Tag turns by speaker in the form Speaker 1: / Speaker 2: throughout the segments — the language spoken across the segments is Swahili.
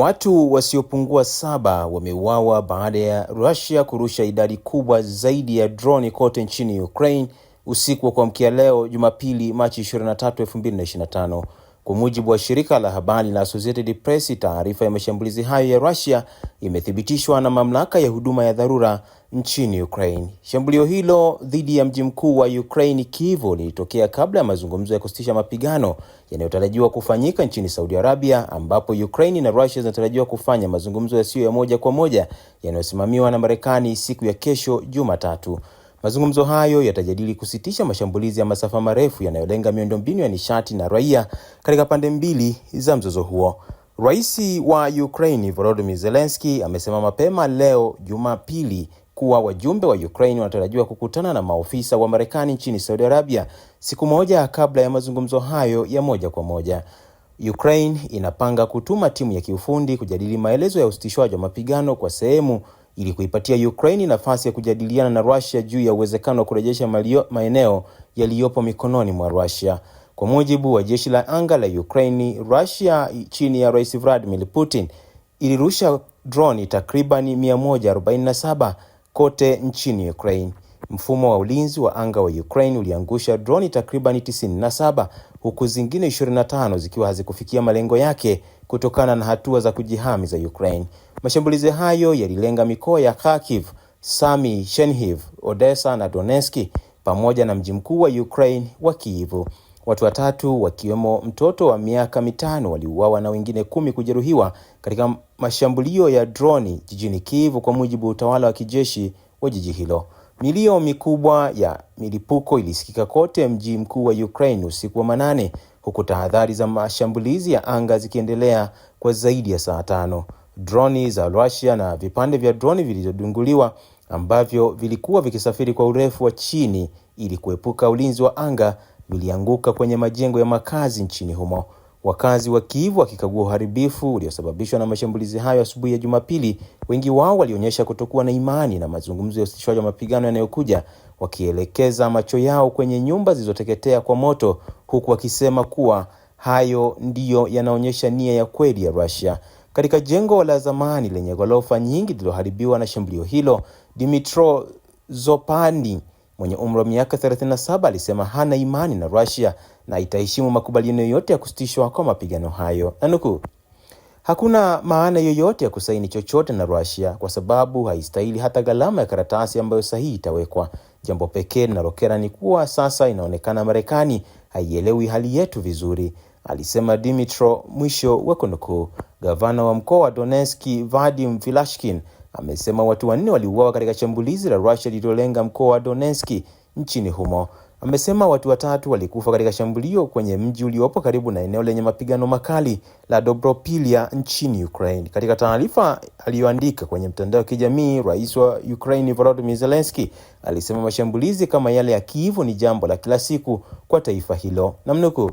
Speaker 1: Watu wasiopungua saba wameuawa baada ya Russia kurusha idadi kubwa zaidi ya droni kote nchini Ukraine usiku wa kuamkia leo Jumapili Machi 23, 2025. Kwa mujibu wa shirika la habari la Associated Press, taarifa ya mashambulizi hayo ya Russia imethibitishwa na mamlaka ya huduma ya dharura nchini Ukraine. Shambulio hilo dhidi ya mji mkuu wa Ukraine, Kyiv, lilitokea kabla ya mazungumzo ya kusitisha mapigano yanayotarajiwa kufanyika nchini Saudi Arabia, ambapo Ukraine na Russia zinatarajiwa kufanya mazungumzo yasiyo ya moja kwa moja yanayosimamiwa na Marekani siku ya kesho Jumatatu. Mazungumzo hayo yatajadili kusitisha mashambulizi ya masafa marefu yanayolenga miundombinu ya nishati na raia katika pande mbili za mzozo huo. Rais wa Ukraine Volodymyr Zelensky amesema mapema leo Jumapili kuwa wajumbe wa Ukraine wanatarajiwa kukutana na maofisa wa Marekani nchini Saudi Arabia siku moja kabla ya mazungumzo hayo ya moja kwa moja. Ukraine inapanga kutuma timu ya kiufundi kujadili maelezo ya usitishwaji wa mapigano kwa sehemu ili kuipatia ukraini nafasi ya kujadiliana na Russia juu ya uwezekano wa kurejesha maeneo yaliyopo mikononi mwa Russia. Kwa mujibu wa jeshi la anga la ukraini Russia chini ya Rais Vladimir Putin ilirusha droni takribani 147 kote nchini Ukraine. Mfumo wa ulinzi wa anga wa Ukraine uliangusha droni takriban 97 huku zingine 25 zikiwa hazikufikia malengo yake kutokana na hatua za kujihami za Ukraine. Mashambulizi hayo yalilenga mikoa ya Kharkiv, Sami, Chernihiv, Odessa na Donetsk pamoja na mji mkuu wa Ukraine wa Kyiv. Watu watatu wakiwemo mtoto wa miaka mitano waliuawa na wengine kumi kujeruhiwa katika mashambulio ya droni jijini Kyiv, kwa mujibu wa utawala wa kijeshi wa jiji hilo. Milio mikubwa ya milipuko ilisikika kote mji mkuu wa Ukraine usiku wa manane, huku tahadhari za mashambulizi ya anga zikiendelea kwa zaidi ya saa tano. Droni za Russia na vipande vya droni vilivyodunguliwa ambavyo vilikuwa vikisafiri kwa urefu wa chini ili kuepuka ulinzi wa anga vilianguka kwenye majengo ya makazi nchini humo. Wakazi wa kivu wakikagua uharibifu uliosababishwa na mashambulizi hayo asubuhi ya Jumapili, wengi wao walionyesha kutokuwa na imani na mazungumzo ya usitishwaji wa mapigano yanayokuja, wakielekeza macho yao kwenye nyumba zilizoteketea kwa moto, huku wakisema kuwa hayo ndiyo yanaonyesha nia ya kweli ya Russia. Katika jengo la zamani lenye ghorofa nyingi lililoharibiwa na shambulio hilo, Dmytro Zopani mwenye umri wa miaka 37 alisema hana imani na Russia na itaheshimu makubaliano yoyote ya kusitishwa kwa mapigano hayo, Nanuku,
Speaker 2: hakuna maana yoyote ya kusaini chochote na Russia kwa sababu haistahili hata gharama ya karatasi ambayo sahihi itawekwa. Jambo pekee linalokera ni kuwa sasa inaonekana Marekani haielewi hali yetu vizuri, alisema Dimitro, mwisho wa kunukuu. Gavana wa mkoa wa Donetsk Vadim Vilashkin amesema watu wanne waliuawa katika shambulizi la Russia lililolenga mkoa wa Donetsk nchini humo. Amesema watu watatu walikufa katika shambulio kwenye mji uliopo karibu na eneo lenye mapigano makali la Dobropilia nchini Ukraine. Katika taarifa aliyoandika kwenye mtandao wa kijamii, Rais wa Ukraine Volodymyr Zelensky alisema mashambulizi kama yale ya kivu ni jambo la kila siku kwa taifa hilo. Namnukuu.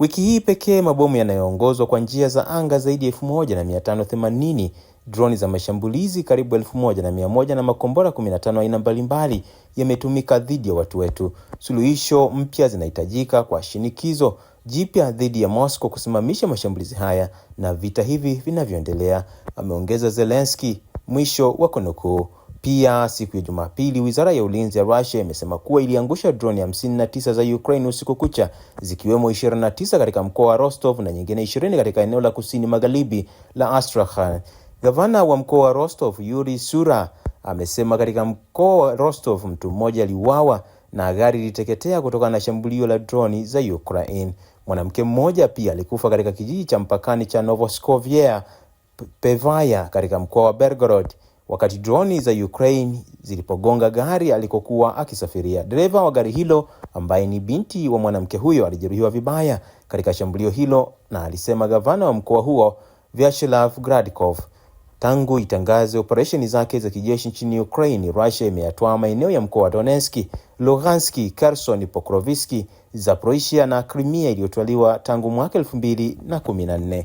Speaker 2: Wiki hii pekee mabomu yanayoongozwa kwa njia za anga zaidi ya 1580, droni za mashambulizi karibu 1100 na makombora 15 aina mbalimbali yametumika dhidi ya watu wetu. Suluhisho mpya zinahitajika kwa shinikizo jipya dhidi ya Moscow kusimamisha mashambulizi haya na vita hivi vinavyoendelea, ameongeza Zelensky. Mwisho wa kunukuu. Pia siku ya Jumapili, wizara ya ulinzi ya Russia imesema kuwa iliangusha droni 59 za Ukraine usiku kucha, zikiwemo 29 katika mkoa wa Rostov na nyingine 20 katika eneo la kusini magharibi la Astrakhan. Gavana wa mkoa wa Rostov, Yuri Sura, amesema katika mkoa wa Rostov mtu mmoja aliuawa na gari iliteketea kutokana na shambulio la droni za Ukraine. Mwanamke mmoja pia alikufa katika kijiji cha mpakani cha Novoskovye Pevaya katika mkoa wa Belgorod wakati droni za Ukraine zilipogonga gari alikokuwa akisafiria. Dereva wa gari hilo ambaye ni binti wa mwanamke huyo alijeruhiwa vibaya katika shambulio hilo, na alisema gavana wa mkoa huo Vyacheslav Gradkov tangu itangaze operesheni zake za kijeshi nchini Ukraine, Russia imeyatwaa maeneo ya mkoa wa Donetsk, Luhansk, Kherson, Pokrovsk, Zaporizhia na Crimea iliyotwaliwa tangu mwaka 2014.